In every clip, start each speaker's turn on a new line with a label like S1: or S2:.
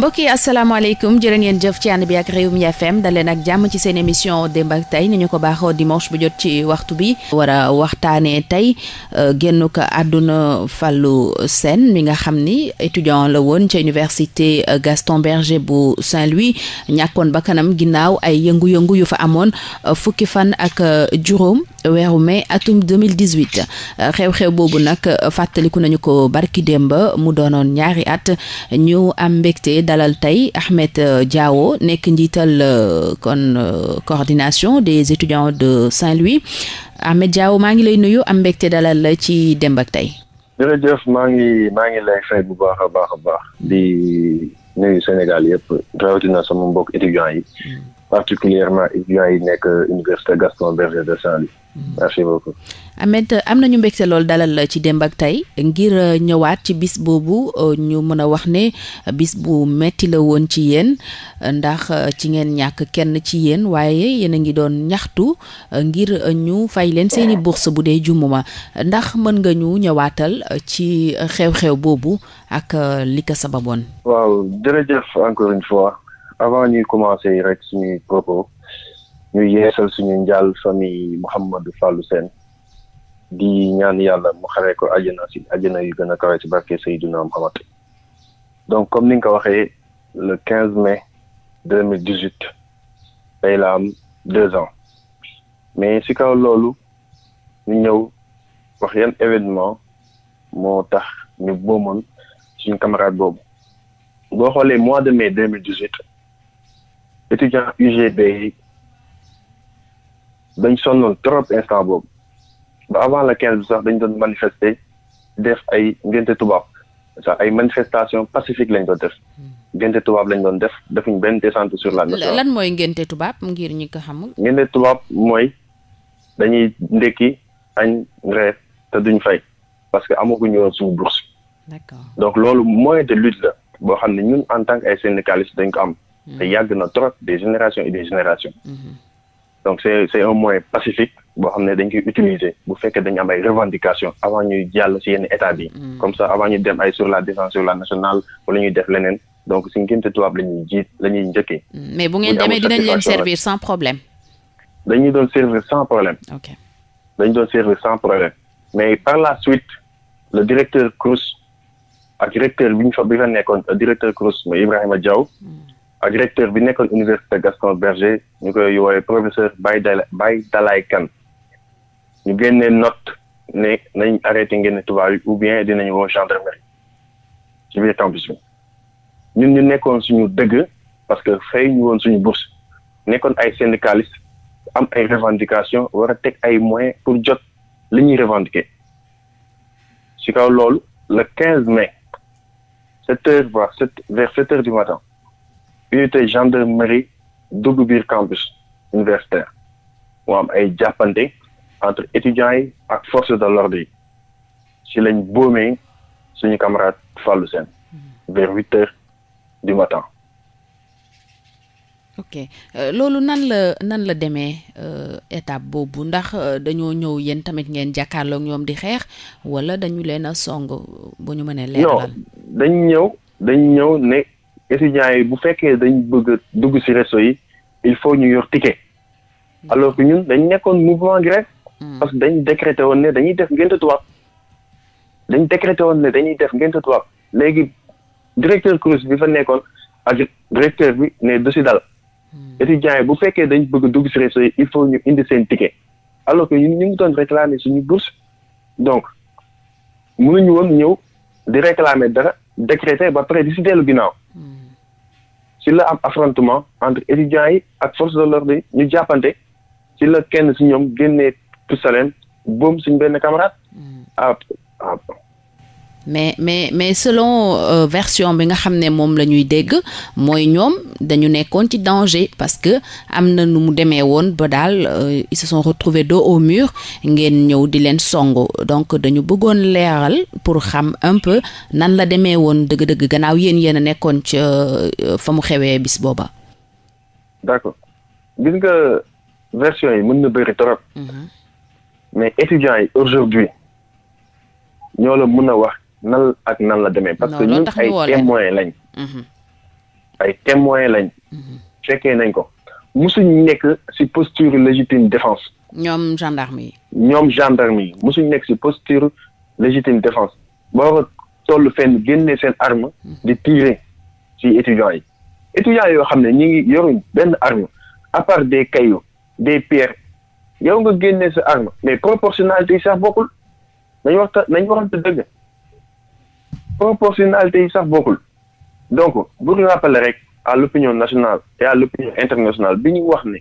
S1: mbokk yi asalaamaaleykum jërë ngeen jëf ci ànd bi ak réew Rewmi FM dal leen ak jàmm ci seen émission démb ak tey ni ñu ko baaxoo dimanche bu jot ci waxtu bi war a waxtaanee tey euh, génn ko àdduna Fallou seen mi nga xam ni étudiant la woon ca université euh, Gaston Berger bu Saint-Louis ñàkkoon ba kanam ginnaaw ay yëngu-yëngu yu fa amoon euh, fukki fan ak juróom weeru mai atum 2018 xew-xew boobu nag fàttaliku nañu ko barki démba mu doonoon ñaari at ñu am mbégte dalal tey Ahmed Diawo nekk njiital euh, kon euh, coordination des étudiants de Saint-Louis Ahmed Diawo maa ngi lay nuyu am mbégte dalal la ci démb
S2: ak maa ngi lay fay bu baax a baax a baax di nuyu Sénégal yëpp rawatina sama mbokk étudiants yi particulièrement étudiants yi nekk université Gaston Berger de saint hmm. merci beaucoup.
S1: Ahmed am nañu mbégte lool dalal ci démb ak tey ngir euh, ñëwaat ci bis boobu euh, ñu mën a wax ne bis bu metti la woon ci yéen euh, ndax ci ngeen ñàkk kenn ci yéen waaye yéen a ngi doon ñaxtu ngir ñu fay leen seeni bourse bu dee jumuma ndax mën nga ñu ñëwaatal ci xew-xew boobu ak li ko sababoon.
S2: waaw jërëjëf encore une fois. avant ñuy commencer rek suñuy propos ñu yeesal suñu njaal famille Mouhamadou Fallou Sène di ñaan yàlla mu xaree ko àjjana si àjjana yu gën a kawe si barke Seydina Muhammad donc comme ni nga ko waxee le quinze mai deux mille dix huit tey la am deux ans mais si kaw loolu ñu ñëw wax yan événement moo tax ñu boomoon suñu camarade boobu boo xoolee mois de mai deux mille dix huit étudiant UGB yi dañ sonnoon trop instant boobu ba avant la quinze bi sax dañ doon manifester def ay ngénte tubaab sax ay manifestation pacifique lañ doon def hmm. ngénte tubaab lañu doon def defuñu benn descente sur la nation
S1: lan mooy ngénte tubaab ngir ñi ko xamul
S2: ngénte tubaab mooy dañuy ndékki añ reer te duñ fay parce que amaguñu woon suñu bourse d'accord donc loolu moyen de lutte la boo xam ne ñun en tant que ay syndicalistes dañ ko am Mhm. te yàgg na trop des génération et des générations. Mhm. donc c' est c' est un moyen pacifique boo xam ne dañ koy utiliser bu fekkee dañu am ay revendications avant ñuy jàll si yenn état bi. Mhm. comme ça avant ñuy dem ay sur la défense sur la nationale wala ñuy def leneen donc si ngénte tubaab la ñuy jiit la ñuy njëkkee.
S1: mais bu ngeen demee dinañ leen servir sans problème.
S2: dañuy doon servir sans problème. ok doon servir sans mais par la suite le directeur Crous ak directeur bi ñu fa bi fa nekkoon euh, directeur Crous mooy Ibrahima Diaw. ak recteur bi nekkoon université Gaston Berger ñu koy woowee professeur Baye Dala Baye Dalay kan ñu génnee note ne nañ arrêté ngeen tubaab yi ou bien dinañ woo gendarmerie ci biir campus bi ñun ñu nekkoon suñu dëgg parce que fay ñu woon suñu bourse nekkoon ay syndicaliste am ay revendication war a teg ay moyen pour jot li ñuy revendiquer si kaw loolu le quinze mai sept heures voire sept vers sept heures du matin unité gendarmerie dugg biir campus universitaire mu am ay jàppante entre étudiants yi ak force de l'ordre yi ci lañ boomee suñu camarade Fallou Sène vers huit heures du matin.
S1: ok euh, loolu nan la nan la demee euh, étape boobu ndax euh, dañoo ñëw yéen tamit ngeen jàkkaarlook ñoom di xeex wala dañu leen a song bu ñu mënee leeral.
S2: non dañ ñëw dañ ñëw ne étudiants yi bu fekkee dañ bëgg dugg ci réseau yi il faut ñu yor ticket hmm. alors que ñun dañ nekkoon mouvement grève hmm. parce que dañ décrété woon ne dañuy def ngénte tubaab dañ décrété woon ne dañuy def ngénte tubaab léegi directeur CROUS bi fa nekkoon ak directeur bi ne du si dal hmm. étudiants yi bu fekkee dañ bëgg dugg si réseau yi il faut ñu indi seen ticket alors ñun ñu ngi doon réclamer suñu bourse donc mu ñu woon ñëw di réclamer dara décrété ba pare di si dellu ginnaaw ci la am affrontement entre étudiants yi ak force de l'ordre ñu jàppande ci la kenn si ñoom génnee pistolet boom suñ benn camarade hmm. ah, ah,
S1: mais mais mais selon euh, version bi nga xam ne moom la ñuy dégg mooy ñoom dañu nekkoon ci danger parce que am na nu mu demee woon ba daal euh, ils se sont retrouvés dos au mur ngeen ñëw di leen songo donc dañu bëggoon leeral pour xam un peu nan la demee woon dëgg-dëgg gannaaw yéen yéen a nekkoon ci euh, fa mu xewee bis booba.
S2: d'accord gis nga version yi mën na bëri trop. Mhm. mais étudiants yi aujourd'hui ñoo la mën a wax. nan ak nan la demee parce que ñun mhm. ay témoin lañ ay témoin lañ fekkee nañ ko musuñ nekk ci posture légitime défense
S1: ñoom gendarme yi
S2: ñoom gendarme yi musuñ nekk ci posture légitime défense boo toll fenn génne seen arme mhm. di tirer ci étudiants yi étudiants yoo xam ne ñi ngi yoruñ benn arme à part des cailloux des yow nga génne sa arme mais proportionnalité yi sax bokkul nañ waxta nañ waxante dëgg proportionnalité yi sax bokkul donc pour rappeler rek à l'opinion nationale et à l'opinion internationale bi ñu wax ne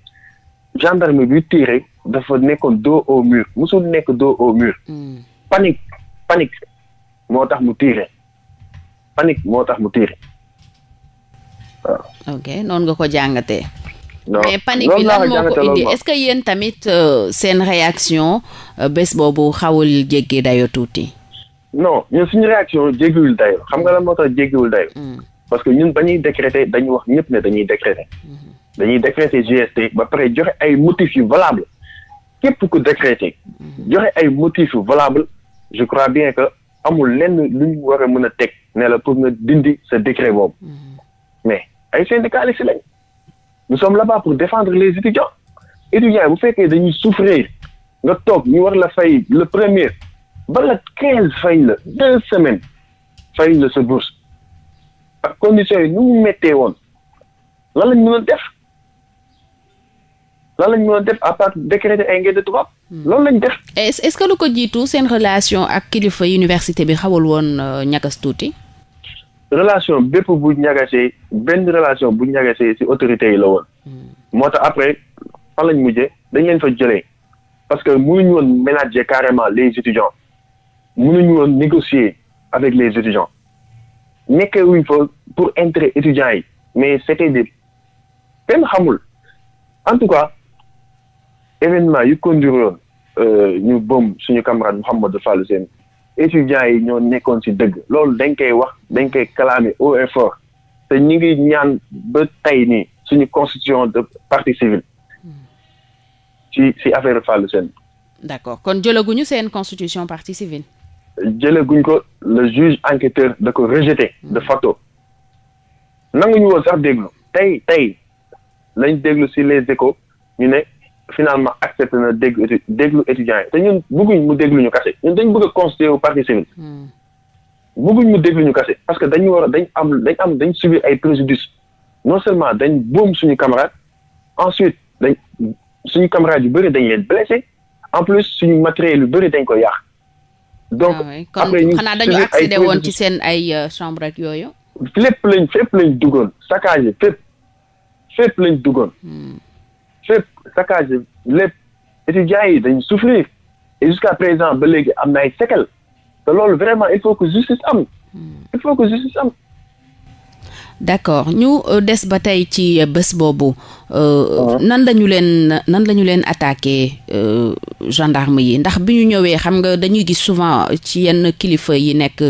S2: gendarme bi tiré dafa nekkoon dos au mur musul nekk dos au mur. Hmm. panique panique moo tax mu tiré panique moo tax mu tiré
S1: waaw. ok noonu nga ko jàngatee. non mais panique bi lan moo ko indi est-ce que yéen tamit euh, seen réaction euh, bés boobu xawul jéggi dayo tuuti.
S2: non ñun suñu réaction jéggiwul dayo xam nga lan moo tax jéggiwul dayo mm. parce que ñun ba ñuy décréter dañu wax ñëpp ne dañuy décréter mm-hmm. dañuy décréter GST ba pare joxe ay motifs yu valable képp ku décréter mm-hmm. joxe ay motifs yu valable je crois bien que amul lenn lu ñu war mën a teg ne la pour nga dindi sa décret boobu mm-hmm. mais ay syndicalistes lañ nous sommes là-bas pour défendre les étudiants étudiants bu fekkee dañuy souffrir nga toog ñu war la fay le premier ba la quinze fay la deux semaines fay la sa bourse ak conditions yi nu mu méttee woon lan lañ mën def lan lañ mën def à part décréter ay ngeen hmm. loolu lañ def
S1: est-ce que lu ko jiitu seen relation ak kilifa université bi xawal woon euh, ñagas tuuti
S2: relation bépp bu ñagasee benn relation bu ñagasee ci autorité yi la woon hmm. moo tax après fan lañ mujjee dañ leen fa jëlee parce que mënuñu woon ménager carrément les étudiants mënuñu woon négocier avec les étudiants nekkee wuñ fa pour intérêt étudiants yi mais c'était des kenn xamul en tout cas événement yi conduire woon euh, ñu bëm suñu camarade Mouhamadou Fallou Sène étudiants yi ñoo nekkoon ci dëgg loolu dañ koy wax dañ koy clamer haut et fort te ñu ngi ñaan ba tey nii suñu constitution de partie civile hmm. ci ci affaire Fallou Sène
S1: d'accord kon jëlaguñu seen constitution partie civile
S2: jële guñ ko le juge enquêteur da ko rejeté de hmm. facto ñu woon sax déglu tey tey lañ déglu ci les échos ñu ne finalement accepté na déglu déglu étudiants yi te ñun bëgguñ mu dégluñu ñu kase ñun dañ bëgg a constitué wu partie civile hmm. bëgguñ mu déglu kase parce que dañu war a dañ am dañ am dañ subir ay préjudice non seulement dañ boom suñu camarade ensuite dañ suñu camarade yu bëri dañ leen blessé en plus suñu matériel yu bëri dañ ko yàq donc ah après ñu xanaa dañu accédé woon ci
S1: seen ay euh, chambre ak yooyu.
S2: lépp lañ fépp lañ duggoon saccagé fépp fépp lañ duggoon. Hmm. fépp saccagé lépp étudiants yi dañ souffrir et jusqu'à présent ba léegi am na ay séquelles te loolu vraiment il faut que justice am. Hmm. il faut que justice am.
S1: d'accord ñu euh, des ba tey ci euh, bés boobu. Euh, nan lañu leen nan la ñu leen attaqué gendarme yi ndax bi ñu ñëwee xam nga dañuy gis souvent ci yenn kilifa yi nekk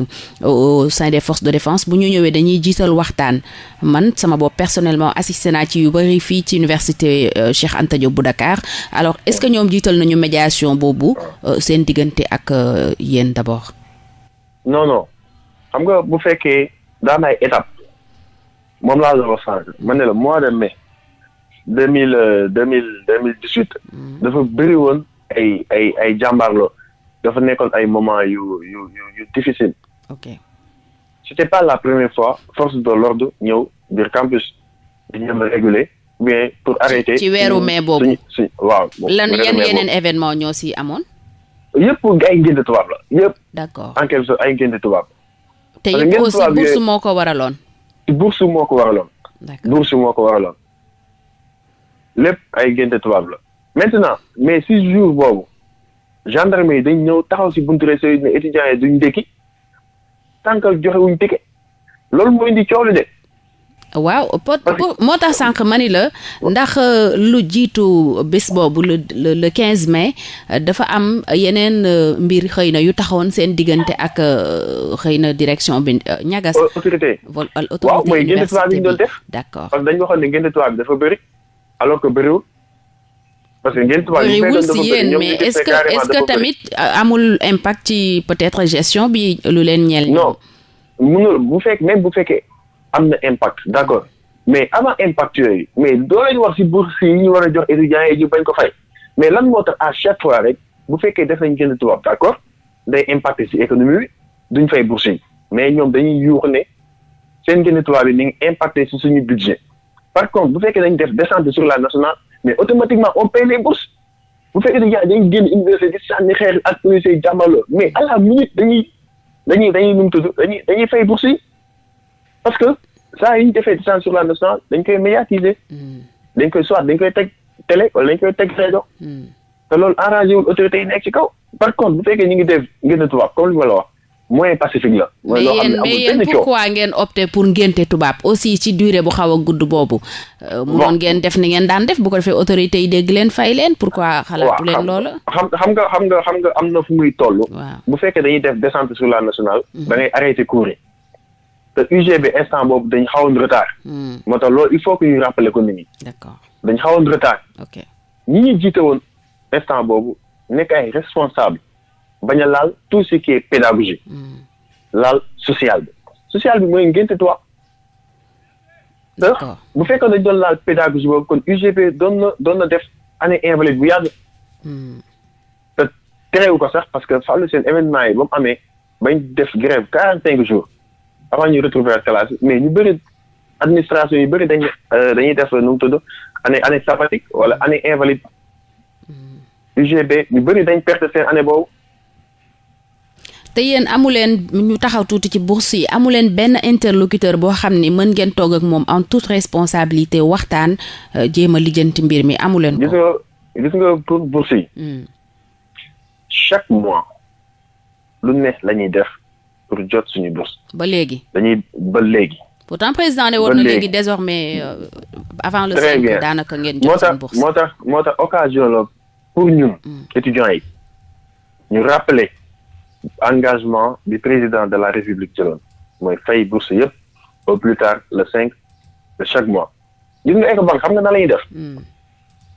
S1: au sein des forces de défense bu ñu ñëwee dañuy jiital waxtaan man sama bopp personnellement assisté naa ci yu bari fii ci université Cheikh Anta bu Dakar alors est-ce que ñoom jiital nañu médiation boobu seen diggante ak yéen d'abord.
S2: non non xam nga bu fekkee daan ay moom laa la wax sànq ma ne la mois de mai deux mille euh, deux mille deux mille dix huit mm. dafa bëri woon ay ay ay jàmbaarloo dafa nekkoon ay moment yu yu yu yu difficile ok c'était pas la première fois force de l'ordre ñëw biir campus di ñëw réguler bien pour arrêter ci weeru mai boobu waaw lan yan
S1: événement ñoo si amoon
S2: yëpp ay ngénte tubaab la yëpp d'accord en quelque sorte ay ngénte tubaab te yëpp aussi bourse
S1: moo ko waraloon
S2: bourse moo ko waraloon. bourse moo ko waraloon lépp ay génte tubaab la. maintenant mais si jour boobu gendarme yi dañ ñëw taxaw si buntu restaurant ne étudiants yi duñ ndékki tànkal joxe wuñ ticket loolu moo indi coow li de.
S1: waaw pot moo tax sànq ma la ndax euh, lu jiitu bés boobu le le quinze mai euh, dafa am yeneen euh, mbir xëy na yu taxawoon seen diggante ak xëy na direction bi ñagas.
S2: autorité vol autorité waaw mooy ngénte tubaab ñu doon def. d'accord parce que dañ waxoon ne ngénte tubaab bi dafa bëri alors que bëriwul. parce que ngeen tubaab yi mais est-ce que est-ce que tamit
S1: amul impact ci peut-être gestion bi lu leen ñeel. non
S2: munul bu fekk même bu fekkee am na impact d' accord mais avant impact yooyu mais doo leen wax si bourse yi ñu war a jox étudiants yi ñu bañ ko fay mais lan moo tax à chaque fois rek bu fekkee def nañ jënd tubaab d' accord day économie bi fay bourse yi mais ñoom dañuy yuux ne seen jënd tubaab yi ni ngi impacté si suñu budget par contre bu fekkee dañ def descente sur la nationale mais automatiquement on paye les bourses bu fekkee dañ dañ génn université di sànni xeer ak policier jàmmaloo mais à minute dañuy dañuy dañuy tudd dañuy dañuy fay bourse yi parce que saa yi ñu defee distance sur la nationale dañ koy médiatiser. Hmm. dañ koy soit dañ koy teg télé wala dañ koy teg rajo. Hmm. te loolu enragé wul autorité yi nekk ci kaw. par contre bu fekkee ñu ngi def ngénte tubaab comme li ma la wax moyen pacifique la. mooy loo xam ne amul benn coow
S1: ngeen pour ngénte tubaab aussi ci durée
S2: bu xaw a gudd boobu. Euh, mu noon
S1: ngeen def ni ngeen daan def bu ko defee autorité yi dégg leen fay leen pour pourquoi.
S2: xalaatu leen loola xam xam nga xam nga xam nga am na fu muy toll. bu fekkee dañuy def descente sur la nationale. Hmm. da ngay te UGB instant boobu dañ xawoon retard. Hmm. moo tax loolu il faut que ñu rappeler ko nit ñi. dañ xawoon retard. ok ñi ñu jiite woon instant boobu nekk ay responsable bañ a laal tout ce qui est pédagogie. Hmm. laal social bi. social bi mooy ngénte tubaab. d'accord bu fekkee dañ doon laal pédagogie boobu kon UGB doon na doon na def année invalide bu yàgg. Hmm. te terewu ko sax parce que fàllu seen événement yi ba mu amee bañ def grève quarante cinq jours. avant ñu retrouver ak classe mais ñu bëri administration yu bëri dañuy euh, dañuy def nu mu tudd année année sabbatique wala année invalide hmm. UGB ñu bëri dañ perte seen année boobu.
S1: te yéen amuleen ñu taxaw tuuti ci bourse yi amuleen benn interlocuteur boo xam ni mën ngeen toog ak moom en toute responsabilité waxtaan euh, jéem a lijjanti mbir mi amuleen ko. gis nga
S2: gis nga pour bourse yi. Hmm. chaque mois lu neex la ñuy def. pour jot suñu bourse ba léegi dañuy ba léegi.
S1: pourtant président ne woon na léegi désormais euh, avant le. très bien daanaka ngeen jot
S2: suñu moo tax moo tax occasion la pour ñun. Mm. étudiants yi ñu rappeler engagement bi président de la république jëloon mooy fay bourse yëpp au plus tard le cinq de chaque mois. gis nga Ecobank xam nga nan la ñuy def. Mm.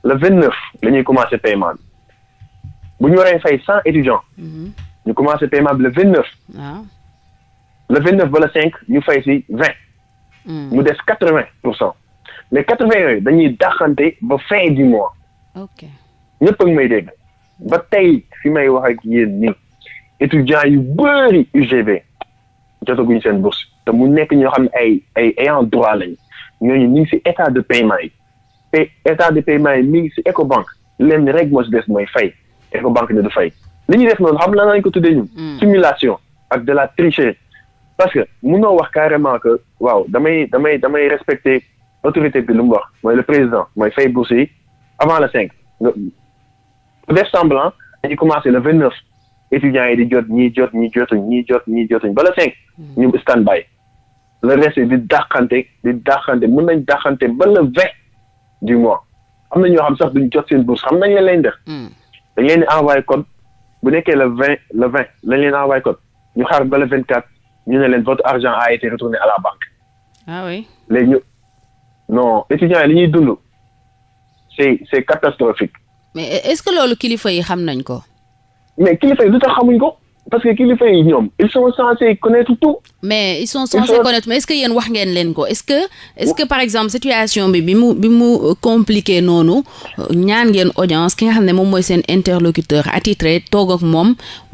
S2: le vingt neuf la ñuy commencé paiement bu ñu waree fay cent étudiants. Mm-hmm. ñu commencé paiement le vingt neuf. Ah. le vingt neuf ba cinq ñu fay si vingt hmm. mu des quatre vingt pour cent mais quatre vingt yooyu dañuy daxante ba fay du mois ok ñëpp ak may dégg ba tey fi may wax ak yéen nii étudiants yu bëri UGB jotaguñu seen bourse te mu nekk ñoo xam ne ay ay ayant droit lañu ñooñu ñu ngi si état de paiement yi te état de paiement yi mi ngi si Ecobank lenn rek moo si des mooy fay Ecobank ne du fay li ñuy def noonu xam la nañ ko tuddee ñun hmm. simulation ak de la tricherie parce que mënoo wax carrément que waaw damay damay damay respecter autorité bi lu mu wax mooy le président mooy fay bourse yi avant le cinq def semblant dañuy commencé la vingt neuf étudiants yi di jot ñii jot ñii jotuñ ñii jot ñii jotuñ ba le cinq hmm. ñu stand by le reste di dàqante di dàqante mën nañ dàqante ba le vingt du mois am na ñoo xam sax duñ jot seen bourse xam nañ leen lañ def hmm. dañ leen di envoyé code bu nekkee le vingt le vingt lañ leen envoyé code ñu xaar ba le vingt quatre ñu ne leen votre argent a été retourné à la banque. ah oui ñu non étudiants yi li ñuy dund c'est c'est catastrophique.
S1: mais est-ce que loolu kilifa yi xam nañ ko.
S2: mais kilifa yi lu tax xamuñ ko. parce que kilifa yi ñoom ils sont censés connaître tout. mais ils sont censés ils
S1: mais est-ce que yéen wax ngeen leen ko est-ce que. est-ce que par exemple situation bi bi mu bi mu compliqué noonu ñaan ngeen audience ki nga xam ne moom mooy seen interlocuteur attitré toog ak moom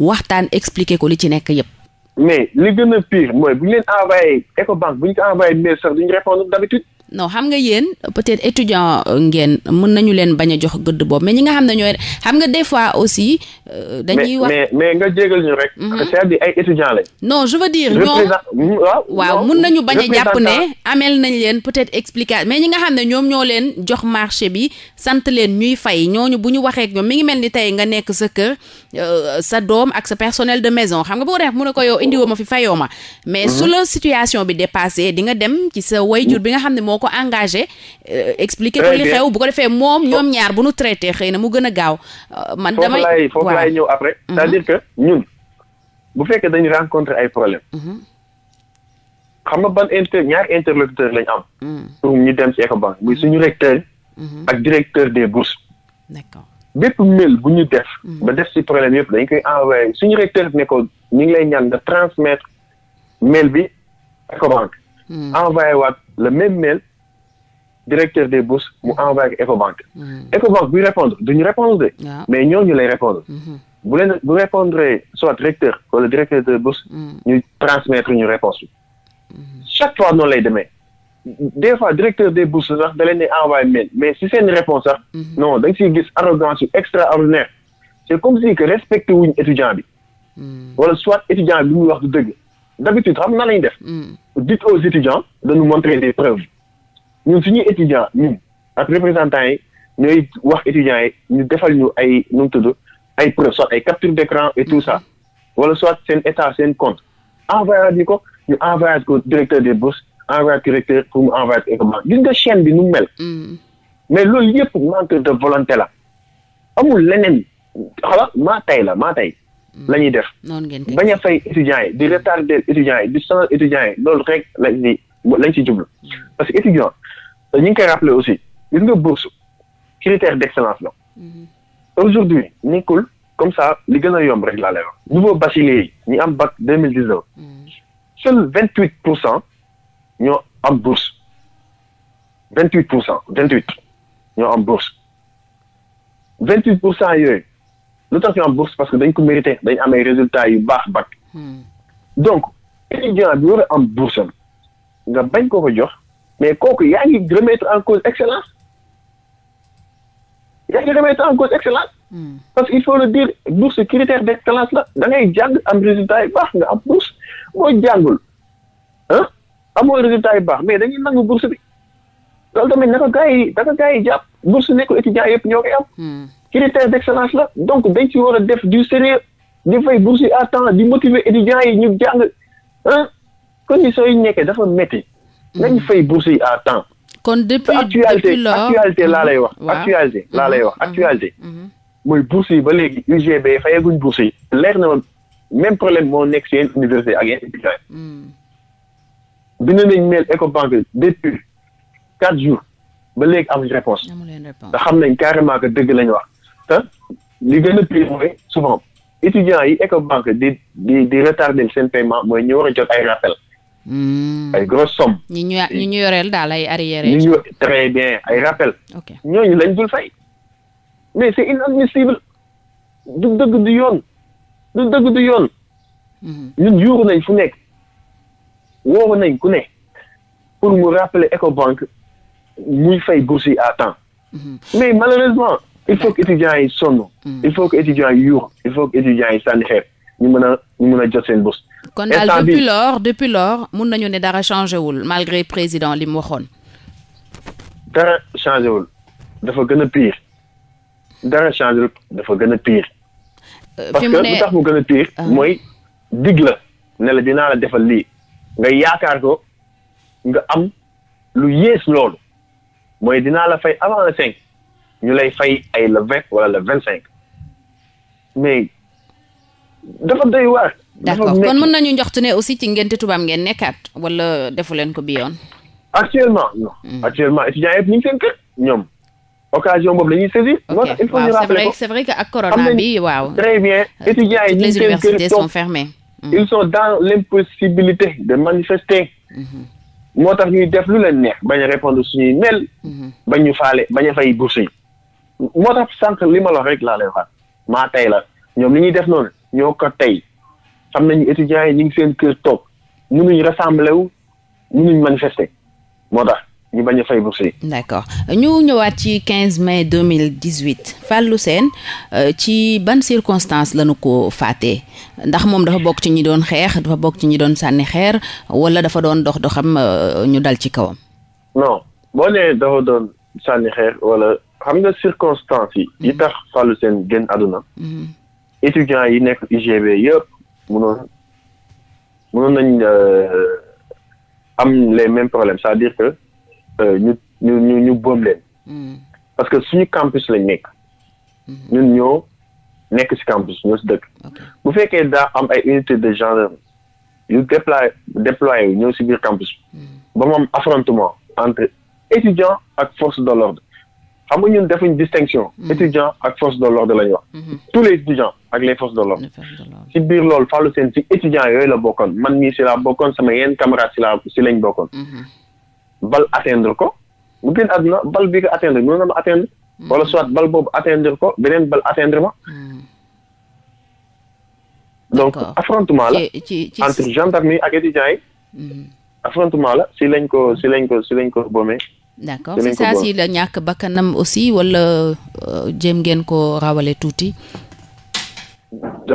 S1: waxtaan expliquer ko li ci nekk yépp
S2: mais li gën a pire mooy bu ñu leen envoyé Ecobank bu ñu ko envoyé mail sax duñu répondre
S1: non xam nga yéen peut-être étudiant ngeen mën nañu leen bañ a jox gëdd boobu mais ñi nga xam ne ñooy xam nga des fois aussi. Euh, dañuy ñu
S2: rek. Mhm. c'est-à-dire
S1: ay ñoom waaw mën nañu bañ a jàpp ne nañ leen peut-être explication mais ñi nga xam ne ñoom ñoo leen jox marché bi sant leen ñuy fay ñu bu ñu waxee ñoom mi ngi mel ni tey nga nekk sa kër euh, sa doom ak sa personnel de maison xam nga boo def mun ne ko yow indiwoo ma fi fayoo mais mhm. su la situation bi dépassé di nga dem ci sa wayjur bi nga xam ne moo ko engagé euh, expliquer ko eh xew bu ko defee moom ñoom ñaar bu nu traité xëy na mu gën a gaaw euh, man damay foofu laay foofu
S2: ñëw après mhm. cest à que ñun bu fekkee dañu rencontrer ay problème mhm. xam nga ban inter ñaari interlocuteur lañ am mhm. ñu dem ci Ecobank muy suñu recteur ak directeur des bourses d'accord bépp mail bu ñu def ba def ci problème yëpp dañ koy envoyé suñu recteur ne ko ñu ngi lay ñaan nga transmettre mail bi Ecobank envoyé waat le même mail directeur des bourses mu mm-hmm. envoyé ko Ecobank. Mm-hmm. Ecobank buy répondre duñu répondre de. mais ñooñu lay répondre. Mm-hmm. bu leen bu répondre soit directeur wala directeur des bourses. ñu transmettre ñu réponse bi. chaque fois noonu lay demee. des fois directeur des bourses sax da leen envoye envoyé mais si seen réponse sax. non da nga siy gis arrogance yu extraordinaire. c' est comme si que respecte wuñ étudiant bi. wala soit étudiant bi muy wax du dëgg. d' habitude xam na lañ def. dites aux étudiants de nous des preuves. ñun suñuy étudiant ñun ak représentant yi ñooy wax étudiants yi ñu defal ñu ay nu mu tudd ay preuve soit ay capture d'écran et tout ça wala soit seen état seen compte envoyé ñu ko ñu envoyé ko directeur des bourses envoyé ko directeur pour mu envoyé ko économie gis nga chaîne bi nu mel. Mm. mais loolu yëpp manque de volonté la amul leneen xala maa tay la maa tay mm. la ñuy def. bañ a fay étudiants yi di retarder étudiants yi di sonal étudiants yi loolu rek la ñuy. lañ ci jublu mm. parce que étudiant euh, ñu ngi koy rappelé aussi gis nga bourse critère d' excellence la mm-hmm. aujourd'hui nekkul comme ça li gën a yomb rek laa lay wax nouveau bachelier yi ñu am bac deux mille dix neuf mm. seul vingt huit pour cent ñoo am bourse vingt huit pour cent vingt huit ñoo am bourse vingt huit pour cent yooyu lu tax ñu am bourse parce que dañ ko mérité dañ am ay résultat yu baax bak mm. donc étudiant bi war a am bourse nga bañ ko ko jox mais kooku yaa ngi remettre en cause excellence yaa ngi remettre en cause excellence. Hmm. parce que il faut le dire bourse critère d' excellence la da ngay jàng am résultat baax nga am bourse boo jàngul am amoo résultat yu baax mais dañuy nangu bourse bi loolu tamit naka gaa yi naka gaa yi jàpp bourse nekkul étudiant yëpp ñoo koy am. Hmm. critère d' excellence la donc dañ ci war a def du sérieux di fay bourse à temps di motiver étudiants yi ñu jàng ah. conditions yi ñu nekkee dafa métti. Mm-hmm. nañ fay bourse yi à temps. kon depuis actualité actualité laa lay wax. actualité laa lay wax mm-hmm. actualité. Mm-hmm. mooy bourse yi ba léegi UGB fayaguñ bourse yi. leer na ma même problème moo nekk si yenn université ak yenn étudiants yi. Mm. bind nañ mail Ecobank depuis quatre jours ba léegi amuñ réponse te xam nañ carrément que dëgg lañu wax li gën a pire mooy souvent étudiants yi Ecobank di di di retarder seen paiement mooy ñu war jot ay rappel Mm. ay grosse somme.
S1: ñi ñu ñi ñu daal ay arrière.
S2: ñi ñu très bien ay rappel. ok ñooñu lañ dul fay. mais c'est inadmissible. du dëgg du yoon. du dëgg du yoon. Mm-hmm. ñun yuuru nañ fu nekk. woowu nañ ku ne. pour mu rappeler Ecobank ñuy fay bourse yi à temps. Mm-hmm. mais malheureusement. il faut que étudiants yi sonn. Mm-hmm. il faut que étudiants yi yuur il faut que étudiants yi sànni ñu mën a ñu mën a jot seen bourse.
S1: kon daal depuis lors depuis lors mun nañu ni dara changé wul malgré président li mu waxoon.
S2: dara changé wul dafa gën a piir dara changé dafa gën a piir euh, parce que lu tax mu gën a pire. Ah. mooy digg la ne la dinaa la defal lii nga yaakaar ko nga am lu yées loolu mooy dinaa la fay avant le cinq ñu lay fay ay le vingt wala le vingt cinq mais. dafa doy waar.
S1: d'accord kon mën nañu njoxtu ne aussi ci ngénte tubaab ngeen nekkaat wala defu leen ko bi
S2: actuellement non. Hmm. actuellement étudiants yëpp ñu ngi kër ñoom. occasion boobu la ñuy saisir. moo tax il faut ñu rappeler ko
S1: c'est bi waaw. très bien euh, étudiants yi ñu ngi seen kër les universités sont fermées.
S2: Hmm. ils sont dans hmm. moo tax ñuy def lu leen neex bañ a répondre suñuy mail. bañ ñu faale bañ fay bourse yi. moo tax sànq li ma la wax rek laa lay maa tey la ñoom li ñuy def noonu. ñoo ko tey xam nañu étudiants yi ñu ngi seen kër toog mënuñ rassembler wu mënuñ manifester moo tax ñu bañ a fay bourse yi.
S1: d'accord ñu ñëwaat ci 15 mai 2018 Fallou Sène euh, ci ban circonstance lañu ko faatee ndax moom dafa bokk ci ñi doon xeex dafa bokk ci ñi doon sànni xeer wala dafa doon dox doxam euh, ñu dal ci kawam.
S2: non boo nee dafa doon sànni xeer wala xam nga circonstance yi. yi mm-hmm. tax Fallou Sène génn àdduna. Mm-hmm. étudiants yi nekk UGB yëpp mënoon mënoon nañ euh, am les mêmes problèmes c'est-à-dire que euh, ñu ñu ñu ñu boom leen mm. parce que suñu campus lañ nekk mm-hmm. ñun ñoo nekk si campus ñoo ci dëkk bu fekkee daa am ay unité de gendarme yu déployé déployé yu ñëw ci biir campus mm. ba mu am entre étudiants ak force de l'ordre xam nga ñun defuñ distinction mm-hmm. étudiant ak force de l'ordre la ñu wax mm-hmm. tous les étudiants ak les forces de l'ordre ci biir loolu Fallou Sène ci étudiants yooyu la bokkoon man mii si laa bokkoon sama yenn camarade si laa si lañ bokkoon mm-hmm. bal atteindre ko mu gën àdduna bal bi ko atteindre mën na wala soit bal boobu atteindre ko beneen bal atteindre ma donc affrontement la entre gendarmerie ak étudiants yi affrontement la si lañ ko si lañ ko si lañ ko boomee d'accord c'est ça si
S1: la ñàkk bakkanam aussi wala euh, jéem ngeen ko rawale tuuti.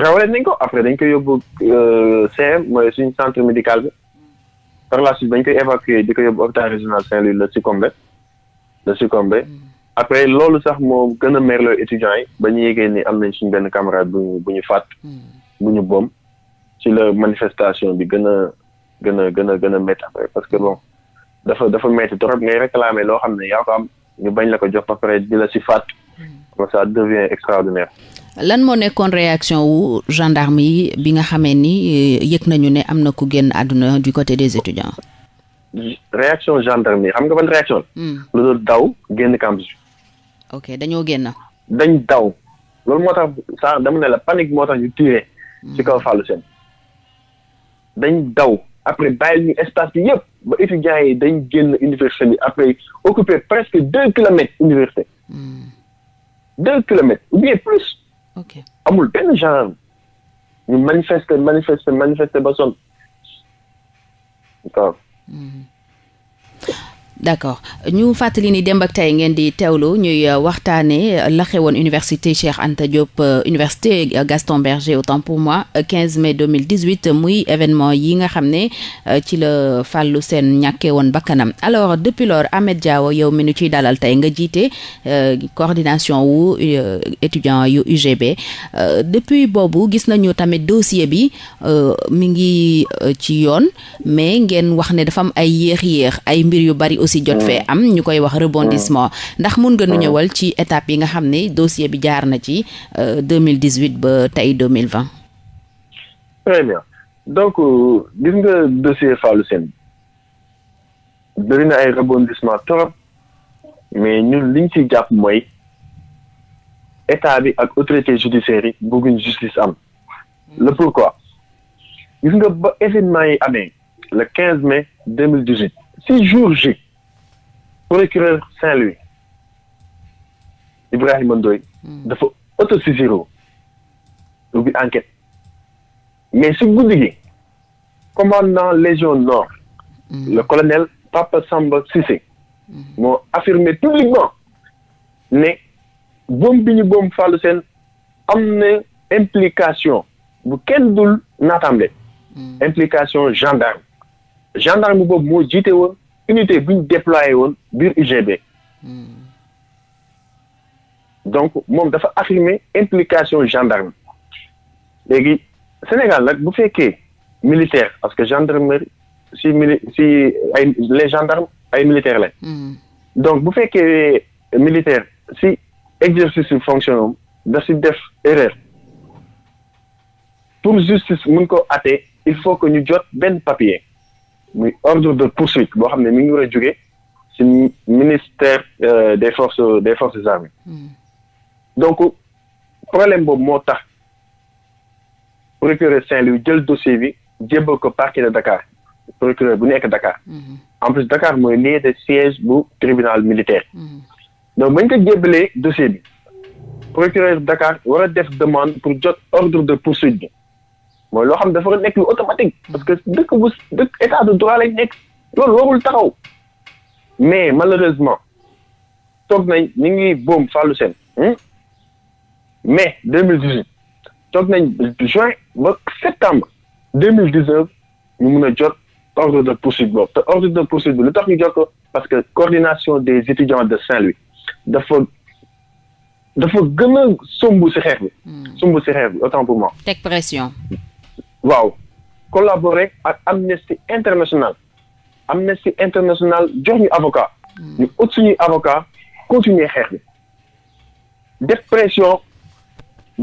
S2: rawale nañ ko après dañ koy yóbbu CM euh, mooy suñu centre médical bi par la suite dañ koy évacuer di ko yóbbu hôpital régional Saint-Louis la succombé la succombé mm. après loolu sax moo gën a merloo étudiants yi ba ñu yégee ni am nañ suñ benn camarade bu ñu bu ñu fàtt mm. bu ñu boom ci la manifestation bi gën a gën a gën a gën a métti parce que bon dafa dafa metti trop ngay réclamer loo xam ne yaa ko am ñu bañ la ko jox ba pare di la si faat hmm. comme ça devient extraordinaire.
S1: lan moo nekkoon réaction wu gendarme yi bi nga xamee ni eh, yëg nañu ne am na ku génn àdduna du côté des étudiants.
S2: réaction gendarme yi xam nga ban réaction. Hmm. lu dul daw génn campus
S1: ok dañoo génn.
S2: dañ daw loolu moo tax sax dama ne la panique moo tax ñu tiré. ci kaw hmm. Fallou Sène dañ daw après bàyyi ñu espace bi yëpp. ba étudiants yi dañ génn université bi après occuper presque deux kilomètres université. Hmm. deux kilomètres ou bien plus. ok amul benn genre ñu manifester manifester manifester ba sonn d'accord. Hmm.
S1: d'accord ñu fàttali ni démb ak ngeen di teewlu ñuy euh, waxtaane euh, la xewoon université Cheikh Anta Diop euh, université Gaston Berger autant pour mois 15 mai 2018 muy événement yi nga xam ne ci la fàllu seen ñàkkee woon bakkanam alors depuis lors Ahmed Diaw yow mi nu ciy dalal tey nga jiite coordination wu étudiant yu UGB depuis boobu gis nañu tamit dossier bi mi ngi ci yoon mais ngeen wax ne dafa am ay yéex yéex ay mbir yu bari aussi jot fee am ñu koy wax rebondissement ndax mun nga nu ñëwal ci étape yi nga xam ni dossier bi jaar na ci euh, deux mille dix huit ba tey deux mille vingt.
S2: très bien donc euh, gis nga dossier Fallou Sène bëri na ay rebondissement trop mais ñun liñ ci jàpp mooy état bi ak autorité judiciaire yi bëgguñ justice am le pourquoi gis nga ba événement yi amee le quinze mai deux mille dix huit si jour J procureur Saint-Louis Ibrahima Ndoye hmm. dafa autosaisiro ubbi enquête mais su guddi gi commandant légion nord hmm. le colonel Papa Samba Cissé hmm. moo affirmé publiquement ne boom bi ñu boom Fallou Sène am na implication bu kenn dul naataamle implication gendarme gendarme boobu moo jiite woon unité bi ñu woon biir UGB. donc moom dafa affirmer implication gendarme léegi Sénégal nag bu fekkee militaire parce que gendarmerie si mili si ay les gendarmes ay militaires lañ. donc bu fekkee militaire si exercice su fonction si def erreur pour justice mun ko àtte il faut que ñu jot benn papier. muy ordre de poursuite boo xam ne mu ngi war a jóge ci ministère euh, des forces de forces armées hmm. donc problème boobu moo tax procureur Saint-Louis jël dossier bi jébbal ko parquet de Dakar procureur bu nekk Dakar hmm. en plus Dakar mooy lieu de siège bu tribunal militaire hmm. donc bañ ko jébbalee dossier bi procureur Dakar war a def demande pour jot ordre de poursuite bi mooy loo xam dafa nekk lu automatique parce que dëkk bu dëkk état de droit lañ nekk loolu warul taxaw mais malheureusement toog nañ ñu ngi boom fallu Sène hmm? mai deux mille dix huit toog nañ juin ba septembre deux mille dix neuf ñu mun a jot ordre de poursuite boobu ordre de poursuite bi lu tax ñu jot ko parce que coordination des étudiants de Saint-Louis dafa dafa gën a somb si xeex bi hmm. somb si xeex bi autant pour moi waaw collaborer ak Amnesty International Amnesty International jox ñu avocat hmm. ñu ut suñuy avocat continuer xeex bi def pression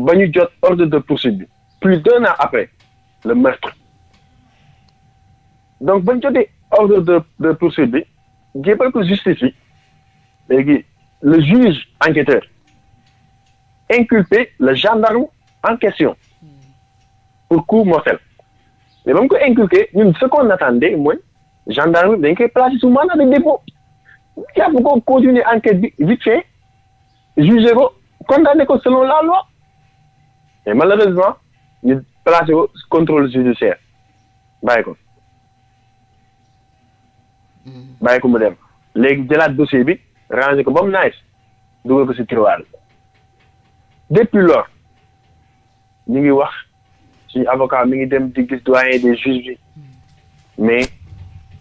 S2: ba ñu jot ordre de poursuite bi plus d'un an après le meurtre donc ba ñu jotee ordre de de poursuite bi jébbal ko justice léegi le juge enquêteur inculpé le gendarme en question pour coup mortel mais ba mu ko inculqué ñun ce qu'on attendait mooy gendarme dañ koy placé sous mandat de dépôt jàpp ko continuer enquête bi vite fait jugé ko condamné ko selon la loi mais malheureusement ñu placé ko contrôle judiciaire bàyyi ko bàyyi ko mu dem léegi jëlaat dossier bi rangé ko ba mu naaj dugal ko si tiroir depuis lors ngi suñu avocat mi ngi dem di gis doyen des juges bi mais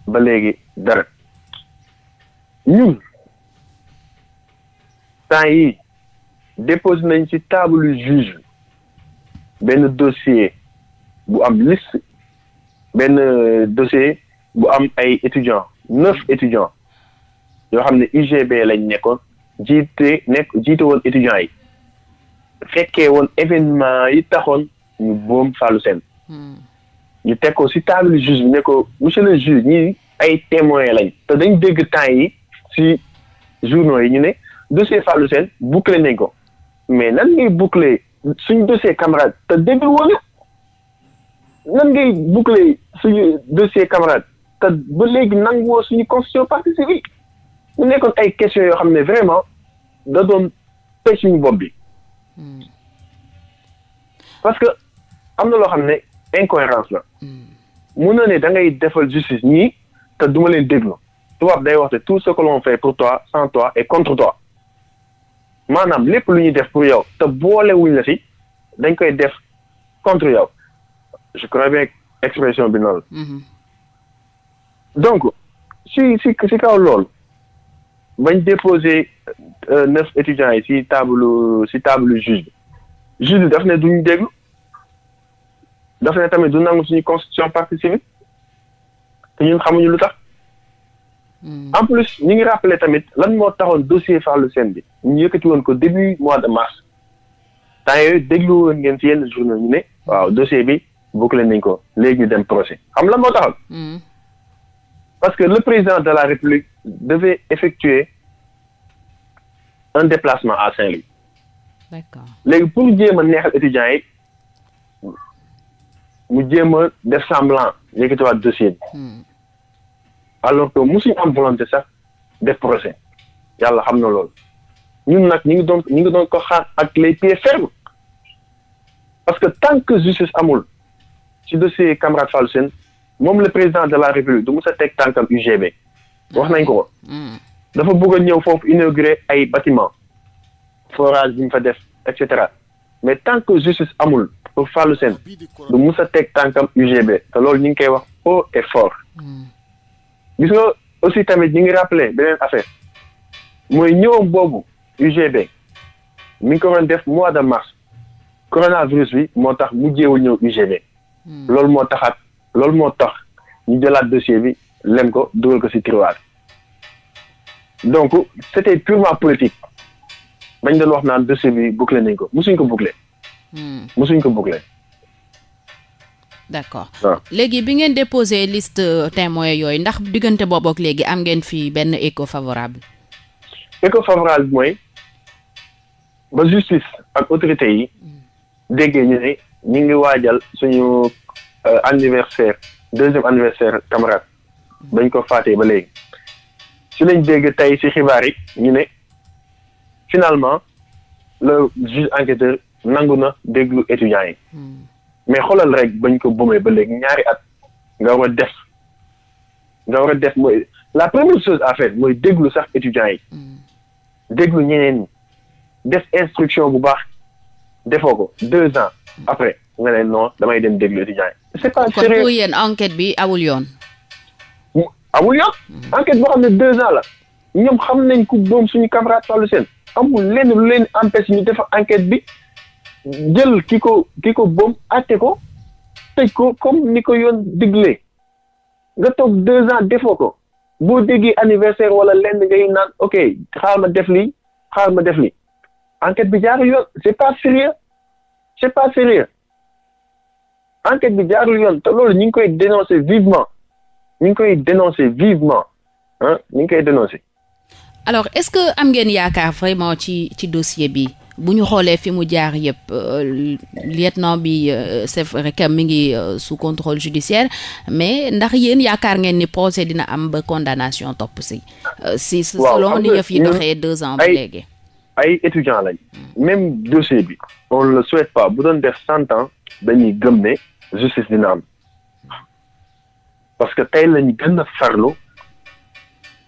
S2: ba léegi dara ñun temps yi déposé nañ ci table juge benn dossier bu am liste benn dossier bu am ay étudiants neuf étudiants yoo xam ne UGB lañ nekkoon jiite nekk jiite woon étudiants yi fekkee woon événement yi taxoon ñu boom Fallou Sène hmm. ñu teg ko si table juge bi ne ko monsieur le juge ñi ay témoin lañ te dañ dégg temps yi si journaux yi ñu ne dossier Fallou sen bouclé nañ ko mais nan ngay bouclé suñ dossier camarade te déglu woon nan ngay bouclé suñu dossier camarade te ba léegi nanguwoo suñu constitution partie civile mu nekkoon ay questions yoo xam ne vraiment da doon tëj suñu bopp bi hmm. parce que am na loo xam ne incohérence la hmm. mun na ne da ngay defal justice ñii te duma leen déglu tubaab day wax tout ce que l'on fait pour toi sans toi et contre toi maanaam lépp lu ñuy def pour yow te boolewuñ la si dañ koy def contre yow je crois bien expression bi noonu hmm. donc si si kaw lool bañ déposer euh, neuf étudiants yi si table si table juge juge daf ne duñu déglu daf ne tamit du nangu suñu constitution partie civile te ñun xamuñu lu tax. Hmm. en plus ñu ngi rappelé tamit lan moo taxoon dossier Fallou Sène bi ñu yëkkati woon ko début mois de mars temps yooyu déglu woon ngeen ci yenn journaux ñu ne waaw dossier bi bouclé nañ ko léegi ñu dem procès xam lan moo taxoon. Hmm. parce que le président de la République devait effectuer un déplacement à Saint-Louis. léegi pour jéem a neexal étudiants yi mu jéem a def semblant yëkkatiwaat dossier bi hmm. alors que musuñu am volonté sax def projet yàlla xam na loolu ñun nag ñu ngi doon ñu ngi doon ko xaar ak les pieds fermes parce que tant que justice amul ci dossier camarade Fallou Sène moom le président de la république du mës a teg tànkam UGB wax nañ ko ko hmm. Hmm. dafa bëgg a ñëw foofu inauguré ay bâtiment forage bi ñu fa def et cetera mais tant que justice amul pour Fallou Sène du mus a teg tànkam UGB te loolu ñu ngi koy wax haut et fort gis aussi tamit ñu ngi rappelé beneen affaire mooy ñëwam boobu UGB mi ngi ko waroon def mois de mars coronavirus bi moo tax mu jéewul ñëw UGB hmm. loolu moo taxaat loolu moo tax ñu jëlaat dossier bi lem ko dugal ko si tiroir donc c'était purement politique dañ doon wax naan dossier bi bouclé nañ ko mosuñ ko bouclé. mosuñ hmm. ko bouclé.
S1: d' accord léegi bi ngeen déposé list euh, témoins yooyu ndax diggante boobu ak léegi am ngeen fi benn écho favorable.
S2: écho favorable mooy ba justice ak autorité yi hmm. déggee ñu ne ñu ngi waajal suñu euh, anniversaire deuxième anniversaire camarade hmm. bañ ko faatee ba léegi si lañ dégg tey si xibaar yi ñu ne finalement le juge enquêteur nangu na déglu étudiants yi. Hmm. mais xoolal rek bañ ko boomee ba léegi ñaari at nga war a def nga war a def mooy la première chose à faire mooy déglu sax étudiants yi. Hmm. déglu ñeneen def instruction bu baax defoo ko deux ans après nga ne non damay dem déglu étudiants yi.
S1: c'est pas sérieux kon pour enquête bi awul yoon.
S2: awul yoon hmm. enquête boo xam ne deux ans la ñoom xam nañ ku boom suñu camarade Fallou seen amul lenn lu leen empêche ñu def enquête bi jël ki ko ki ko bom àtte ko tëj ko comme ni ko yoon diglee nga toog deux ans defoo ko boo déggee anniversaire wala lenn ngay naan ok xaar ma def lii xaar ma def lii enquête bi jaarul yoon c'est pas sérieux c'est pas sérieux enquête bi jaarul yoon te loolu ñu ngi koy dénoncer vivement ñu ngi koy dénoncer vivement ah ñu ngi koy dénoncer.
S1: alors est-ce que am ngeen yaakaar vraiment ci ci dossier bi bu ñu xoolee fi mu jaar yëpp euh, lieutenant bi c'est vrai que mi ngi euh, sous contrôle judiciaire mais ndax yéen yaakaar ngeen ni procès dina am ba condamnation topp si.
S2: Euh, si selon ni yëf yi doxee deux ans ba léegi. ay étudiants lañ. même dossier bi. on le souhaite pas bu doon def cent ans dañuy gëm ne justice dina am parce que tey lañ gën a farlu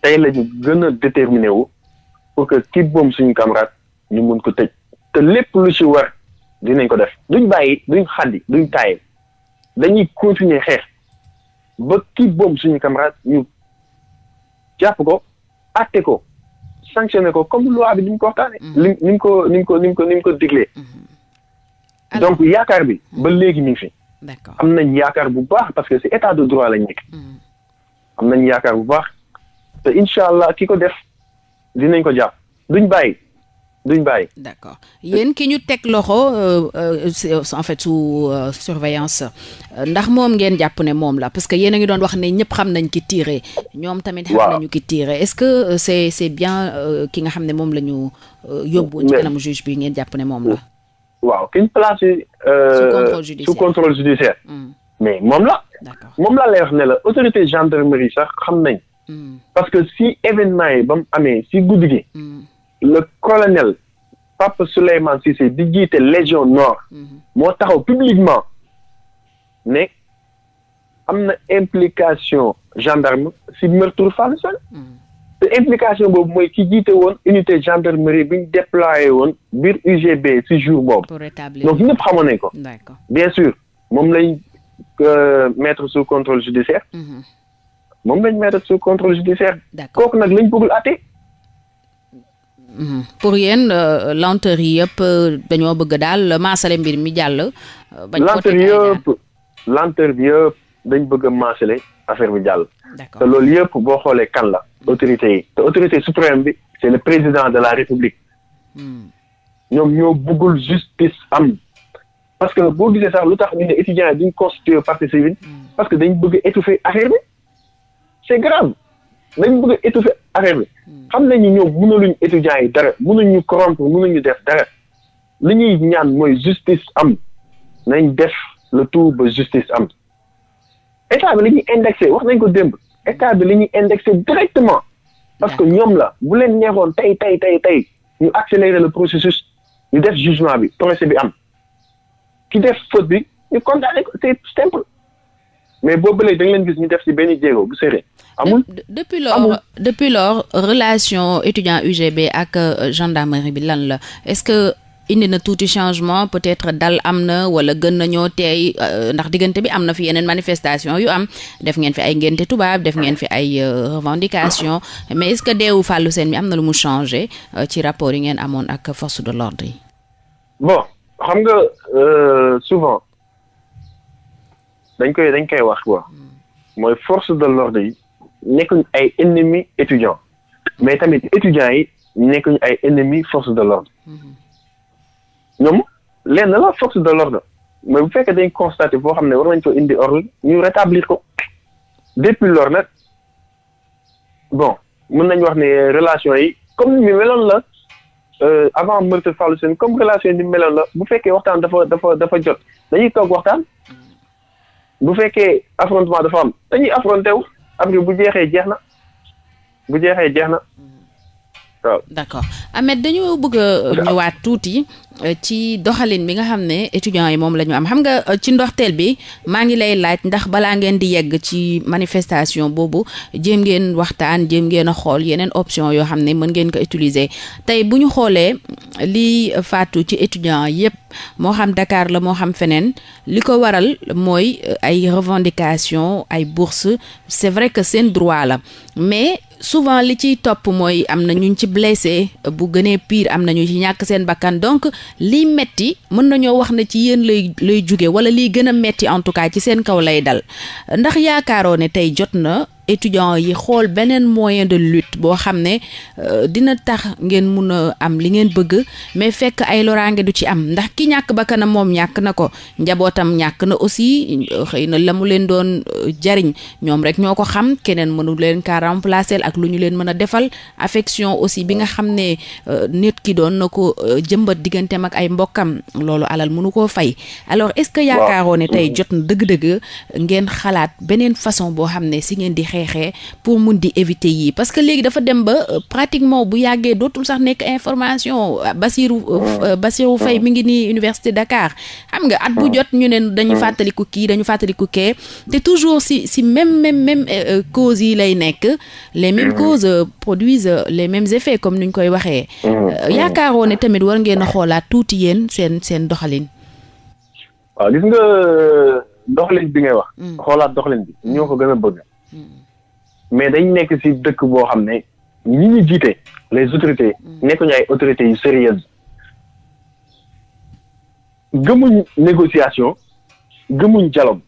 S2: tey la ñu gën a déterminé wu pour que ki boom suñu camarade ñu mun ko tëj te lépp lu ci war dinañ ko def duñ bàyyi duñ xaddi duñ taaye dañuy continuer xeex ba ki boom suñu camarade ñu jàpp ko atte ko sanctionné ko comme loi bi ni ko waxtaanee. Mm-hmm. ni ni mu ko ni ko ni mu ko ni mu ko diglee. Mm-hmm. donc yaakaar bi mm-hmm. ba léegi ñu ngi fi. d'accord am nañ yaakaar bu baax parce que ci état de droit lañ nekk. am nañ yaakaar bu baax. te incha allah ki ko def dinañ ko jàpp duñ bàyyi duñ bàyyi. d'accord
S1: yéen ki ñu teg loxo euh, euh, en fait sous euh, surveillance ndax moom ngeen jàpp ne moom la parce que yéen a ngi doon wax ne ñëpp xam nañ ki tiire. ñoom tamit xam nañu ki tiire est-ce que c'est c'est bien ki nga xam ne moom la ñu yóbbu. ci kanam juge bi ngeen jàpp ne moom la.
S2: waaw kiñ placé. sous contrôle judiciaire hmm. mais moom la. d'accord moom laa lay wax ne la autorité gendarmerie sax xam nañ. parce que si événement yi ba mu amee si guddi gi. Mm. le colonel Papa Souleymane Cissé di jiite Légion Nord. Mm-hmm. moo taxaw publiquement ne am na implication gendarme si meurtre Fallou Sène mm. te implication boobu mooy ki jiite woon unité gendarmerie bi ñu déployé woon biir UGB si jour boobu. donc ñëpp xamoon nañ ko. bien sûr moom lañ euh, mettre sous contrôle judiciaire. Mm-hmm. moom lañ mettre sous contrôle judiciaire. d'accord kooku nag lañ bëggul àtte. Hmm.
S1: pour yéen euh, lenteur yi yëpp euh, dañoo bëgg daal maasale mbir mi jàll.
S2: Euh, bañ ko lenteur yëpp lenteur bi yëpp dañ bëgg a maasale affaire bi jàll. d'accord loolu yëpp boo xoolee kan la. autorité yi te autorité suprême bi c'est le président de la république. Hmm. ñoom ñoo bëggul justice am. parce que boo gisee sax lu tax ñu ne étudiants yi duñ constitué partie civile. Hmm. parce que dañ bëgg étouffer affaire bi. c'est grave dañ bëgg a étouffer affaire bi hmm. xam nañu ñoom mënaluñ étudiants yi dara mënuñu corrompre ñu def dara li ñuy ñaan mooy justice am nañ def le tout ba justice am état bi li ñuy indexé wax nañ ko démb état bi li ñuy indexé directement parce que ñoom la bu leen neexoon tey tey tey tey ñu accélérer le processus ñu def jugement bi procès bi am ki def faute bi ñu condamné c'est simple mais boobu léegi da nga leen gis def ci benn jéego bu seree.
S1: depuis lors relation étudiant UGB ak euh, gendarmerie bi lan la est-ce que indi na tuuti changement peut-être dal am na wala gën nañoo tey euh, ndax diggante bi am na fi yeneen manifestation yu am def ngeen fi ay ngénte tubaab def ngeen fi ay euh, revendication mais est-ce que deewu fàllu seen mi am na lu mu changé ci rapport yi ngeen amoon ak force de l'ordre yi.
S2: bon xam nga souvent. dañ koy dañ koy wax quoi mooy force de l'ordre yi nekkuñ ay ennemis étudiants mais tamit étudiants yi nekkuñ ay ennemis force de l'ordre ñoom lenn la force de l'ordre mais bu fekkee dañ constaté boo xam ne war nañ ko indi ordre ñu rétablir ko depuis lors nag bon mun nañ wax ne relation yi comme ni mu meloon la euh, avant meurtre Fallou seen comme relation yi ni mu meloon la bu fekkee waxtaan dafa dafa dafa jot dañuy toog waxtaan bu fekkee affrontement dafa am dañuy affronté wu am bu jeexee jeex na bu jeexee jeex na.
S1: waaw d'accord Ahmed dañu bëgg a ñëwaat tuuti euh, ci doxalin bi nga xam ne étudiants yi moom la ñu am xam nga euh, ci ndoxteel bi maa ngi lay laaj ndax balaa ngeen di yegg ci manifestation boobu jéem ngeen waxtaan jéem ngeen a xool yeneen option yoo xam ne mën ngeen ko utiliser tey bu ñu xoolee li faatu ci étudiants yépp moo xam Dakar la moo xam feneen li ko waral mooy euh, ay revendication ay bourse c'est vrai que seen droit la mais souvent li ciy topp mooy am na ñu ci blessé bu gënee pire am na ñu ci ñàkk seen bakkan donc liy metti mën nañoo wax ne ci yéen lay lay jóge wala liy gën a metti en tout cas ci seen kaw lay dal ndax yaakaaroo ne tey jot na étudiants yi xool beneen moyen de lutte boo xam ne euh, dina tax ngeen mun a am li ngeen bëgg mais fekk ay loraange du ci am ndax ki ñàkk ba kanam moom ñàkk na ko njabootam ñàkk na aussi euh, xëy na la mu leen doon euh, jariñ ñoom rek ñoo ko xam keneen mënu leen kaa remplacer ak lu ñu leen mën a defal affection aussi bi nga xam ne nit ki doon na ko jëmbat digganteem ak ay mbokkam loolu alal mënu koo fay alors est-ce que yaakaaroo ne tey jot na dëgg-dëgg ngeen xalaat beneen façon boo xam ne si ngeen di xeexee pour mun di éviter yii parce que léegi dafa dem ba euh, pratiquement bu yàggee dootul sax nekk information Basirou euh, euh, Basirou fay mi ngi nii Université Dakar xam nga at bu jot ñu ne dañu fàttaliku kii dañu fàttaliku kee te toujours si si même même même causes yi lay nekk les mêmes causes produisent les mêmes effets comme ni ñu koy waxee yaakaaroo ne tamit war ngeen a xoolaat tuuti yéen seen seen doxalin
S2: waaw gis nga doxalin bi ngay wax hmm. xoolaat doxalin mais dañ nekk ci dëkk boo xam ne ñu ñu jiite les autorités mm. nekkuñu ay autorités yu sérieuses gëmuñ négociation gëmuñ dialogue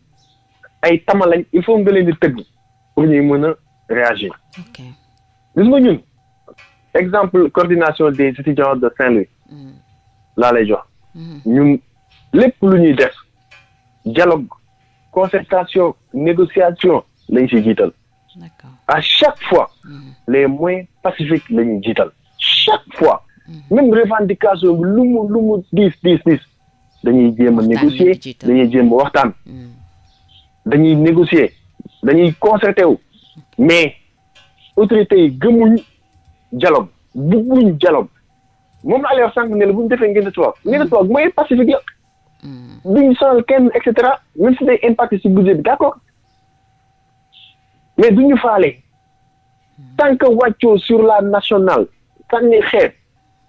S2: ay tama il faut nga leen di tëgg pour ñuy mën a réagir gis nga ñun exemple coordination des étudiants de Saint-Louis mm. laa lay jox mm. ñun lépp lu ñuy def dialogue concertation négociation lañ ci jiital a chaque fois mm. les moyens pacifique la ñuy jiital chaque fois mm. même revendication bi lu mu lu mu diis diis diis dañuy jéem a négocier dañuy jéem a waxtaan mm. dañuy négocier dañuy concerté wu mais autorités yi gëmuñ dialogue bugguñ dialogue moom la aleer sànq ne la bu ñu defee ngeen tubaab ngeen tubaab mooy pacifique la duñu sonal kenn et cetera même si day impacté si budget bi d'accord mais du ñu faale tant que wàccoo sur la nationale sànni xeet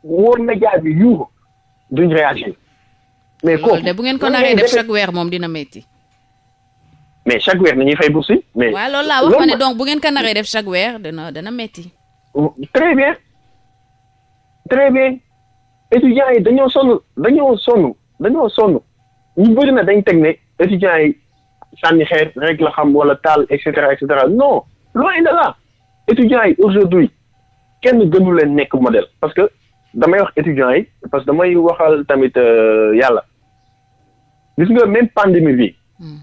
S2: wóor na jaabi yu duñ réagir. mais kooku de bu ngeen ko naree def chaque
S1: weer moom dina métti.
S2: mais chaque weer nañuy fay bourse mais waaw loolu laa wax ma ne donc
S1: bu ngeen ko naree def chaque weer dana dana metti
S2: très bien très bien étudiants yi dañoo sonn dañoo sonn dañoo sonn ñu bëri na dañ teg ne yi. sànni xeet rek la xam wala taal et cetera et cetera non loin de là étudiants yi aujourd'hui kenn gënu leen nekk modèle parce que damay wax étudiants yi parce que damay waxal tamit euh, yàlla gis nga même pandémie bi hmm.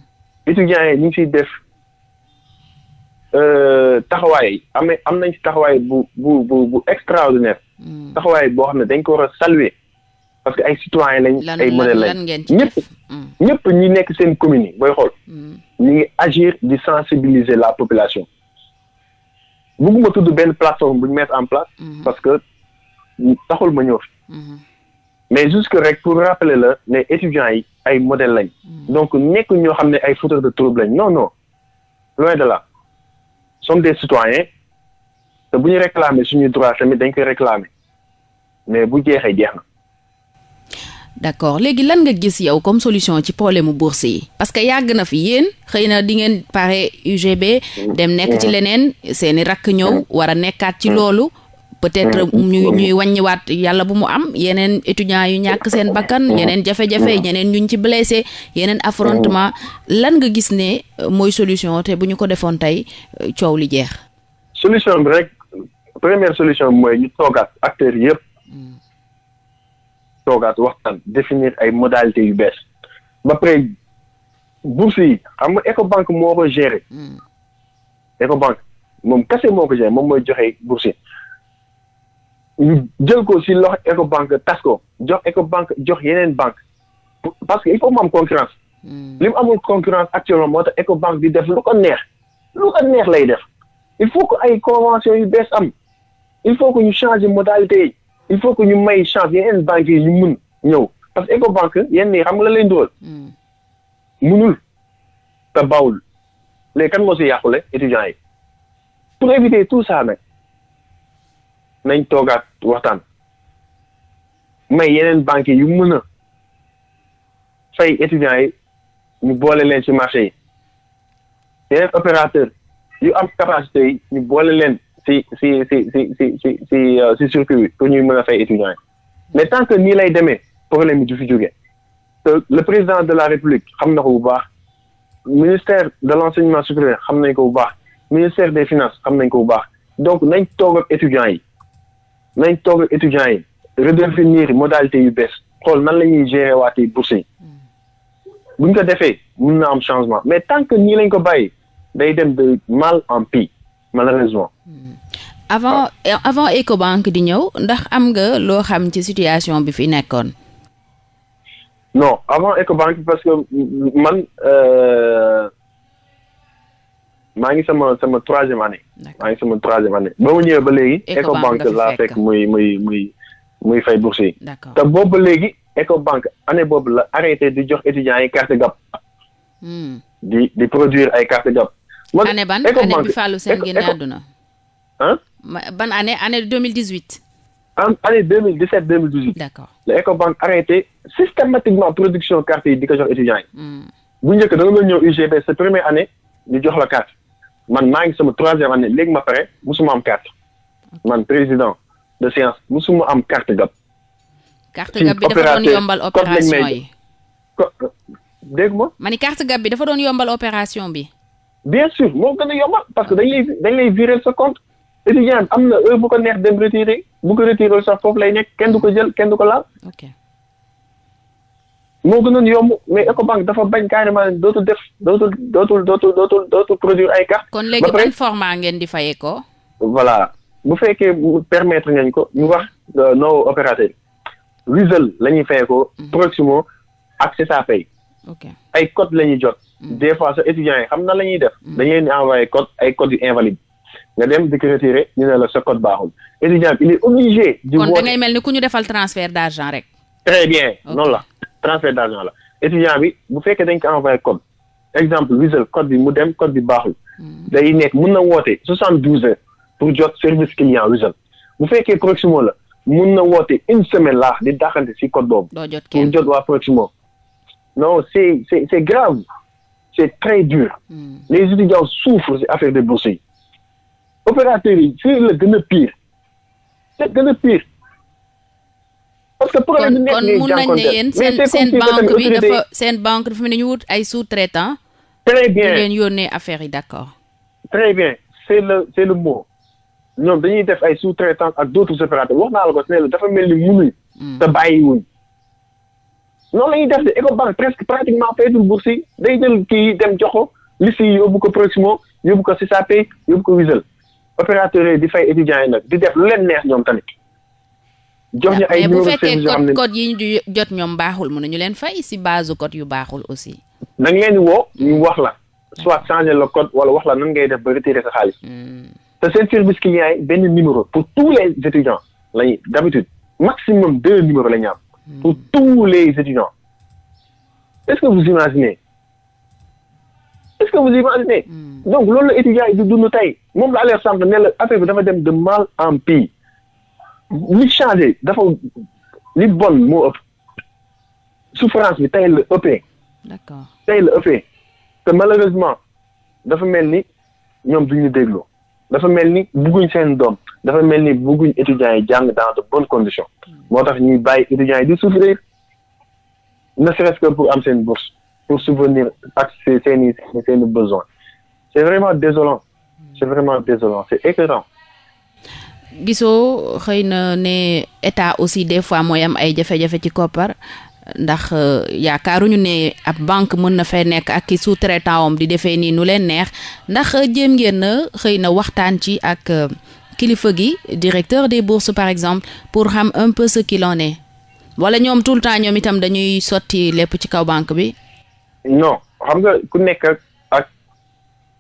S2: étudiants yi ñu ngi ciy def euh, taxawaay am am nañ ci taxawaay bu bu bu bu extraordinaire hmm. taxawaay boo xam ne dañ ko war a saluer parce que ay citoyen lañ. ay modèle lañ ñëpp mm. ñëpp ñi nekk seen commune yi booy xool. Mm. ñu ngi agir di sensibiliser la population. bëgguma tudd benn plateforme bu ñu mettre en place. Mm-hmm. parce que taxul ma ñëw mm-hmm. mais juste que rek pour rappeler la ne étudiants yi ay modèle lañ. Mm-hmm. donc nekk ñoo xam ne ay fauteurs de trouble lañ non non loin de là sommes des citoyens te bu ñu réclamer suñu droit tamit dañ koy réclamer mais bu jeexee jeex na.
S1: d'accord léegi lan nga gis yow comme solution ci problème mu bourse yi parce que yàgg na fi yéen xëy na di ngeen pare UGB dem nekk ci leneen seeni rakk ñëw war a nekkaat ci loolu peut-être ñu ñuy wàññiwaat yàlla bu mu am yeneen étudiants yu ñàkk seen bakkan yeneen jafe-jafe yeneen ñuñ ci blessé yeneen affrontement lan nga gis ne euh, mooy solution te bu ñu ko defoon tey euh, coow li jeex
S2: solution bi rek première solution bi mooy ñu toogaat acteurs yëpp toogaat waxtaan définir ay modalités yu bees ba pare bourse yi xam nga Ecobank moo ko géré hmm. moom kese moo ko géré moom mooy joxe bourse yi ñu jël ko si loxo Ecobank tas ko jox Ecobank jox yeneen banque parce que il faut mu am concurrence hmm. li mu amul concurrence actuellement moo tax Ecobank di def lu ko neex lu ko neex lay def il faut que ay convention yu bees am il faut que ñu changer modalité yi il faut que ñu may chance yeneen banques yi ñu mun ñëw parce que Ecobank yenn yi xam nga la lay ndóol hmm. munul te bawul léegi kan moo si yàqule étudiants yi pour éviter tout ça nag nañ toogaat waxtaan may yeneen banques yu mën a fay étudiants yi ñu boole leen ci marché yi yeneen opérateur yu am capacité yi ñu boole leen si si si si si si si euh, si circuit bi pour ñuy mën a fay étudiants yi mais tant que nii lay demee problème bi du fi jógee te le président de la république xam na ko bu baax ministère de l' enseignement supérieur xam nañ ko bu baax ministère des finances xam nañ ko bu baax donc nañ toog ak étudiants yi nañ toog ak étudiants yi redéfinir modalité yu bees xool nan la ñuy gérer waatee bourse yi hmm. buñ ko defee mun na am changement mais tant que nii lañ ko bàyyi day dem de mal en pis malheureusement. Mm-hmm.
S1: avant eh, avant Ecobank di ñëw ndax am nga loo xam ci situation bi fi nekkoon.
S2: non avant Ecobank parce que man euh, maa ngi sama sama troisième année. maa ngi sama troisième année ba mu ñëwee ba léegi. Ecobank laa fekk muy muy muy muy fay bourse yi. te boobu ba léegi Ecobank année boobu la arrêté di jox étudiants yi carte GAB. Mm. di di produire ay carte GAB.
S1: man année ban année bi Fallou Sène génn àdduna ah ban année année deux mille dix huit
S2: en année deux mille dix sept deux mille dix huit d'accord la Ecobank arrêté systématiquement production carte yi di ko jox étudiants yi hmm. bu njëkk da nga doon ñëw UGB sa première année ñu jox la carte man maa ngi sama troisième ane léegi ma pare musuma am carte man président de séance musuma am carte gab
S1: carte gab bi dafa doon yombal opération yi
S2: euh, dégg ma
S1: ma ni carte gab bi dafa doon yombal opération bi
S2: bien sûr moo gën a yombal parce que dañuy lay dañ lay virer sa compte étudiant bi am na heure bu ko neex dem retirer bu ko retirer sax foofu lay nekk kenn du ko jël kenn du ko laal. moo gënoon yomb mais Ecobank dafa bañ carrément dootul def dootul dootul dootu dootul dootul produire ay carte
S1: kon léegi ban format ngeen di fayee ko.
S2: voilà bu fekkee permettre ngañ ko ñu wax euh, no opérateur Wizall la ñuy fayee ko mhm. Proximo ak Cessapay. ay code la ñuy jot. Mm. des fois sax yi xam na la ñuy def. Mm. dañu leen di envoyé code ay code yu invalide nga dem di ko retiré ñu ne la sa code baaxul étudiant bi il e obligé. di woote kon
S1: mel ni ku ñu defal transfert d' argent rek.
S2: très bien noonu la transfert d' argent la étudiant bi bu fekkee dañ ko envoyé code exemple Wizall code bi mu dem code bi baaxul. Mm. day nekk mun na woote soixante douze heures pour jot service client Wizall bu fekkee Proximo la mun na woote une semaine laa di daxante si code boobu. pour jot waa Proximo non c' est c' est c' est c'est très dur mm. les étudiants souffrent si affaire de bourse yi opérateurs yi c'est le gën a pire c'est gën a pire
S1: parce que problème bi nekk mun nañ ne yéen seen seen banque bi dafa seen banque dafa mel ni ñu wut ay sous-traitants très bien leen yónnee affaire yi d'accord
S2: très bien c'est le c'est le dañuy def ay sous ak d'autres dafa mel ni munuñ hmm. te bàyyiwuñ noonu la ñuy def de Ecobank presque pratiquement fayatul bourse yi day jël kii dem jox ko liste yi yóbbu ko Proximo yóbbu ko CICAP yóbbu ko Wizall opérateur yi di fay étudiants yi nag di def lu leen neex ñoom tamit. jox ñu ay numéro service yoo xam ne bu fekkee code
S1: yi ñu jot ñoom baaxul mën nañu leen fay si
S2: base code yu baaxul aussi. na leen di woo ñu hmm. wax la soit changer le code wala wax la nan ngay def ba retirer sa xaalis. Hmm. te seen service client yi benn numéro pour tous les étudiants lañuy d'habitude maximum deux numéros la ñu am pour hmm. tous les étudiants. Est-ce que vous imaginez est que vous imaginez hmm. donc loolu la étudiants yi di dund tey moom la aller sànq ne la affaire bi dafa dem de mal en pis li changé dafa li bon moo ëpp souffrance bi tey la ëppee. d'accord tey la ëppee te malheureusement dafa mel ni ñoom duñu déglu. dafa mel ni bugguñ seen doom dafa mel ni bugguñ étudiants yi jàng dans de bonnes conditions moo tax ñuy bàyyi étudiants yi di souffrir ne serait-ce pour am seen bourse pour subvenir ak seen i seen i besoins c'est vraiment désolant c'est vraiment désolant c'est écœurant
S1: gisoo xëy na ne état aussi des fois mooy am ay jafe-jafe ci koppar ndax euh, yaakaaruñu ne ab banque mën na fa nekk ak ki sous-traitant am di defee nii nu leen neex ndax euh, jéem ngeen xëy na waxtaan ci ak euh, kilifa gi directeur des bourses par exemple pour xam un peu ce qu'il en est wala ñoom tout le temps ñoom itam dañuy sotti lépp ci kaw banque bi.
S2: non xam nga ku nekk ak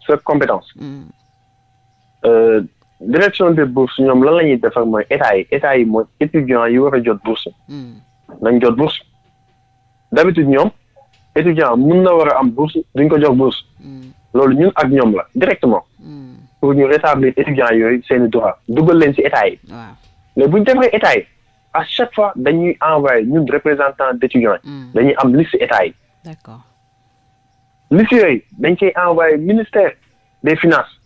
S2: sa compétence. Mm. Euh, direction des bourses ñoom lan la ñuy defar mooy état yi état yi mooy étudiants yi war a jot bourse. Mm. nañ jot bourse. d'habitude ñoom étudiant mun na war a am bourse duñ ko jox bourse hmm. loolu ñun ak ñoom la directement hmm. pour ñu rétablir étudiants yooyu seeni droit dugal leen ci état yi mais buñ defaree état yi à chaque fois dañuy envoyé ñun représentant d'étudiants yi hmm. dañuy am liste état yi liste yooyu dañ koy envoyé ministère des finances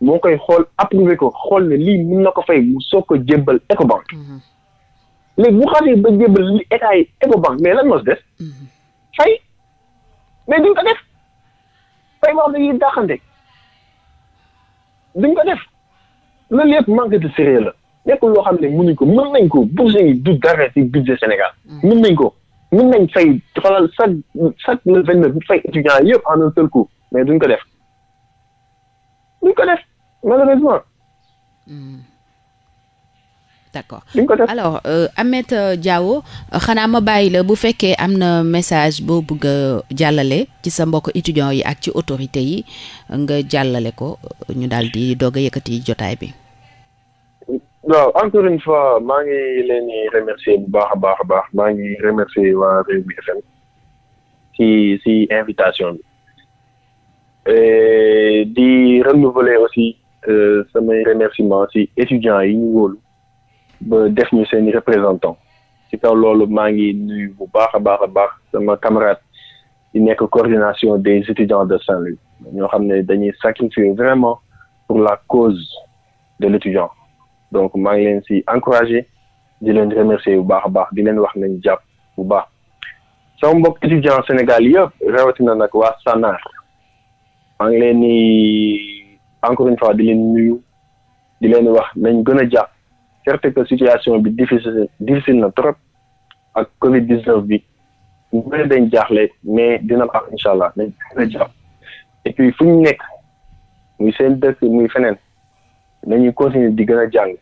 S2: moo koy xool approuvé ko xool ne lii mun na ko fay mu soog ko jébbal Ecobank léegi bu xasee ba jébal li état yi Ecobank mais lan moo si des mm-hmm. fay mais duñ ko def fay boo xam ne yi dàqante duñ ko def loolu yëpp manque de sérieux la nekkul loo xam ne mënuñ ko mën nañ ko bourse yi du dara ci budget Sénégal mm. mën nañ ko mën nañ fay xoolal chaque chaque le vingt neuf fay étudiants yëpp en un seul coup mais duñ ko def duñ ko def malheureusement mm.
S1: d'accord alors euh, Ahmed euh, Diawo euh, xanaa ma bàyyi la bu fekkee am na message boo bëgg jàllale ci sa mbokk étudiants yi ak ci autorité yi nga jàllale ko euh, ñu daal di doog a yëkkati jotaay bi
S2: waaw encore une fois maa ngi leen di remercier bu baax a baax a baax maa ngi remercier waa Rewmi FM ci ci invitation bi di renouveler aussi samay remerciement ci étudiants yi ñu wóolu ba def ñu seen i représentant ci kaw loolu maa ngi nuyu bu baax a baax a baax sama camarade di nekk coordination des étudiants de Saint-Louis ñoo xam ne dañuy sacrifier vraiment pour la cause de l'étudiant donc maa ngi leen si encouragé di leen remercier bu baax a baax di leen wax nañ jàpp bu baax sama mbokk étudiant Sénégal yëpp rawatina nag waa Sanar maa ngi leen ni encore une fois di leen nuyu di leen wax nañ gën a jàpp certes que situation bi difficile difficile na trop ak Covid 19 bi ñu bëri dañ jaaxle mais dina am incha allah nañ gën a jàpp et fu ñu nekk muy seen dëkk muy feneen nañuy continuer di gën a jàng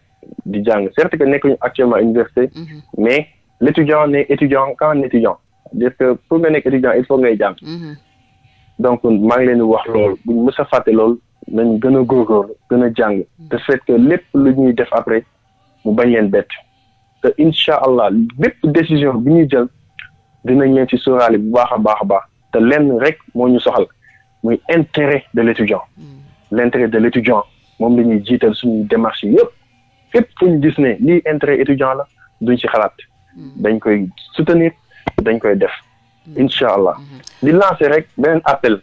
S2: di jàng certes que nekkuñu actuellement université mhm. mais l' étudiant n'est étudiant qu'en étudiant parce que pour nga nekk étudiant il faut ngay jàng mhm. donc maa ngi leen di wax loolu buñ mës fàtte lool nañ gën a góorgóorlu gën a jàng te mhm. fait que lépp lu ñuy def après mu bañ leen bett te incha allah bépp décision bi ñuy jël dinañ leen ci sóoraale bu baax a baax a baax te lenn rek moo ñu soxal muy intérêt de l' étudiant mm. de l' étudiant moom la ñuy jiital suñu démarché yëpp fépp fu ñu gis ne lii intérêt étudiant la duñ ci xalaat mm. dañ koy soutenir dañ koy def mm. incha allah mm-hmm. di lancer rek beneen appel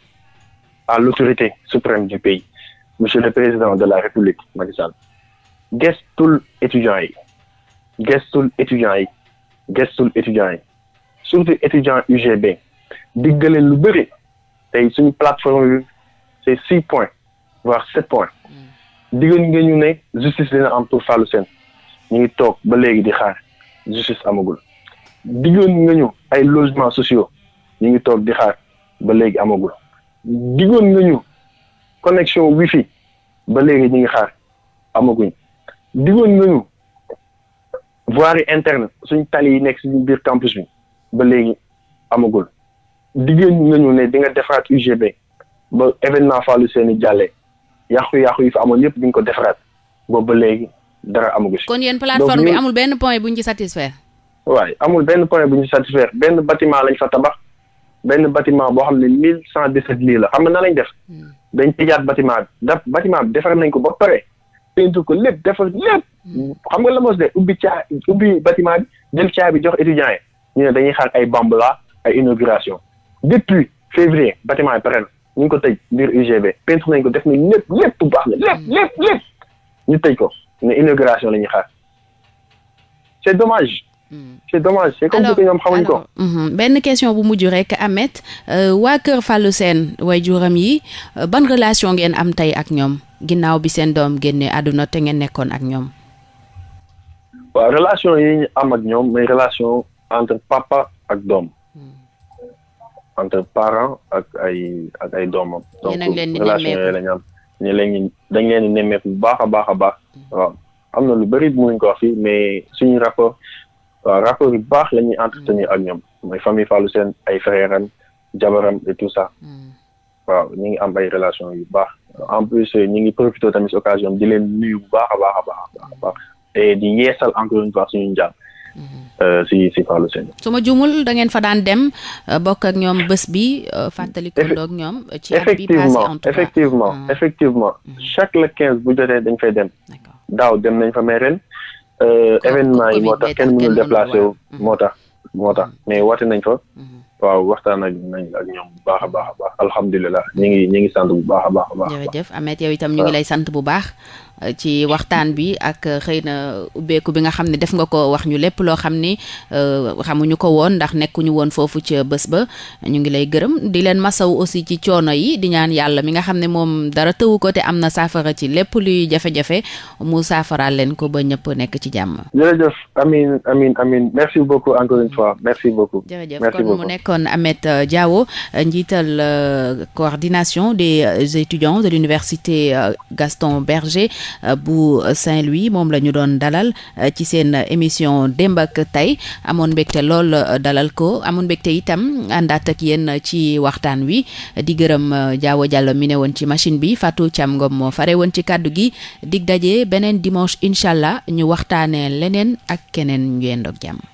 S2: à l' autorité suprême du pays monsieur le président de la république Macky Sall gestul étudiants yi gestul étudiants yi gestul étudiants yi surtout étudiant UGB diggale lu bëri tey suñu plateforme bi c'est six points voire sept points hmm. diggoon nga ñu ne justice dina am tour Fallou seen ñu ngi toog ba léegi di xaar justice amagul diggoon nga ñu ay logements sociaux ñu ngi toog di xaar ba léegi amagul diggoon nga ñu connexion wifi ba léegi ñu ngi xaar amaguñ digoon nañu voirie interne suñ tali yi nekk suñu biir campus bi ba léegi amagul digoon nañu ne di nga defaraat UGB ba événement Fallou seeni jàllee yàqu-yàqu yi fa amoon yëpp di nga ko defaraat boobu ba léegi dara amagu si.
S1: kon yéen plateforme bi amul benn point buñ ñu ci satisfaire.
S2: waaye amul benn point bu ñu ci satisfaire benn batiment lañ fa tabax benn bâtiment boo xam ne mille cent dix-sept lii la xam nga na lañ def. Hmm. dañ tëjaat bâtiment bi. da bâtiment bi defar nañ ko ba pare. peinture ko lépp defar lépp xam nga la mos de ubbi caa ubbi bâtiment bi jël caa bi jox étudiants yi ñu ne dañuy xaar ay bambala ay inauguration depuis février bâtiment yi pare na ñu ngi ko tëj biir UGB peinture nañ ko def nañ lépp lépp bu baax na lépp mm. lépp lépp ñu tëj ko ne inauguration la ñuy xaar c'est dommage Mm. c'est dommage c'est comme si que ñoom xamuñ ko.
S1: benn question bu mujj rek Ameth euh, waa Kër seen Sène waajuram yi euh, ban relation ngeen am tey ak ñoom ginnaaw bi seen doom génne àdduna te ngeen nekkoon ak ñoom.
S2: waaw relation yi ñu am ak ñoom mais relation entre papa ak doom. Mm. entre parents ak ay ak ay doomam. donc relation yooyu la ñu am ñu leen dañ leen bu baax a baax a baax. Mm. waaw am na lu bëri mënuñ ko wax fii mais suñu rapport. waaw rapport yu baax la ñuy entretenir mm. ak ñoom mooy famille Fallou seen ay frèram jabaram et tout ça mm. waaw ñu ngi am ay relation yu baax en plus ñu ngi profité tamit si occasion di leen nuyu bu baax a baax a baax a baax te di yeesal encore une fois suñu njàng si mm-hmm. euh, si Fallou Sène
S1: su ma jumul da ngeen fa daan dem euh, bokk ak ñoom bés bi euh, fàttali ko ndoog ñoom ci at bi passé en
S2: effectivement effectivement ah. mm-hmm. chaque le quinze bu jotee dañ fay dem daaw dem nañ fa mais ren Euh, événement yi moo tax kenn mënul déplacé wu mm-hmm. moo tax moo tax mm-hmm. mais woote nañ fa mm-hmm. waaw waxtaan ak nañ ak ñoom bu baax a baax a baax alhamdulilah ñi ngi ñi ngi sant bu baax a baax a baax
S1: jërëjëf Ameth itam ñu ngi lay sant bu baax ci waxtaan bi ak euh, xëy na ubbeeku bi nga xam ne def nga ko wax ñu lépp loo xam ni euh, xamuñu ko woon ndax nekkuñu woon foofu ca bés ba ñu ngi lay gërëm di leen masaw aussi ci coono yi di ñaan yàlla mi nga xam ne moom dara tëwu ko te am na saafara ci lépp luy jafe-jafe mu saafaraal leen ko ba ñëpp nekk ci jàmm. kon mu nekkoon amet euh, Diawo njiital coordination des étudiants de l'université Gaston Berger. Euh, bu Saint-Louis moom la ñu doon dalal euh, ci seen euh, émission démb ak tey amoon mbégte lool dalal ko amoon mbégte itam àndaat ak yenn ci waxtaan wi di gërëm Diawo Diallo mi ne woon ci machine bi Fatou Thiam Ngom moo fare woon ci kàddu gi dig daje beneen dimanche incha allah ñu waxtaanee leneen ak keneen ñu yendoog jàmm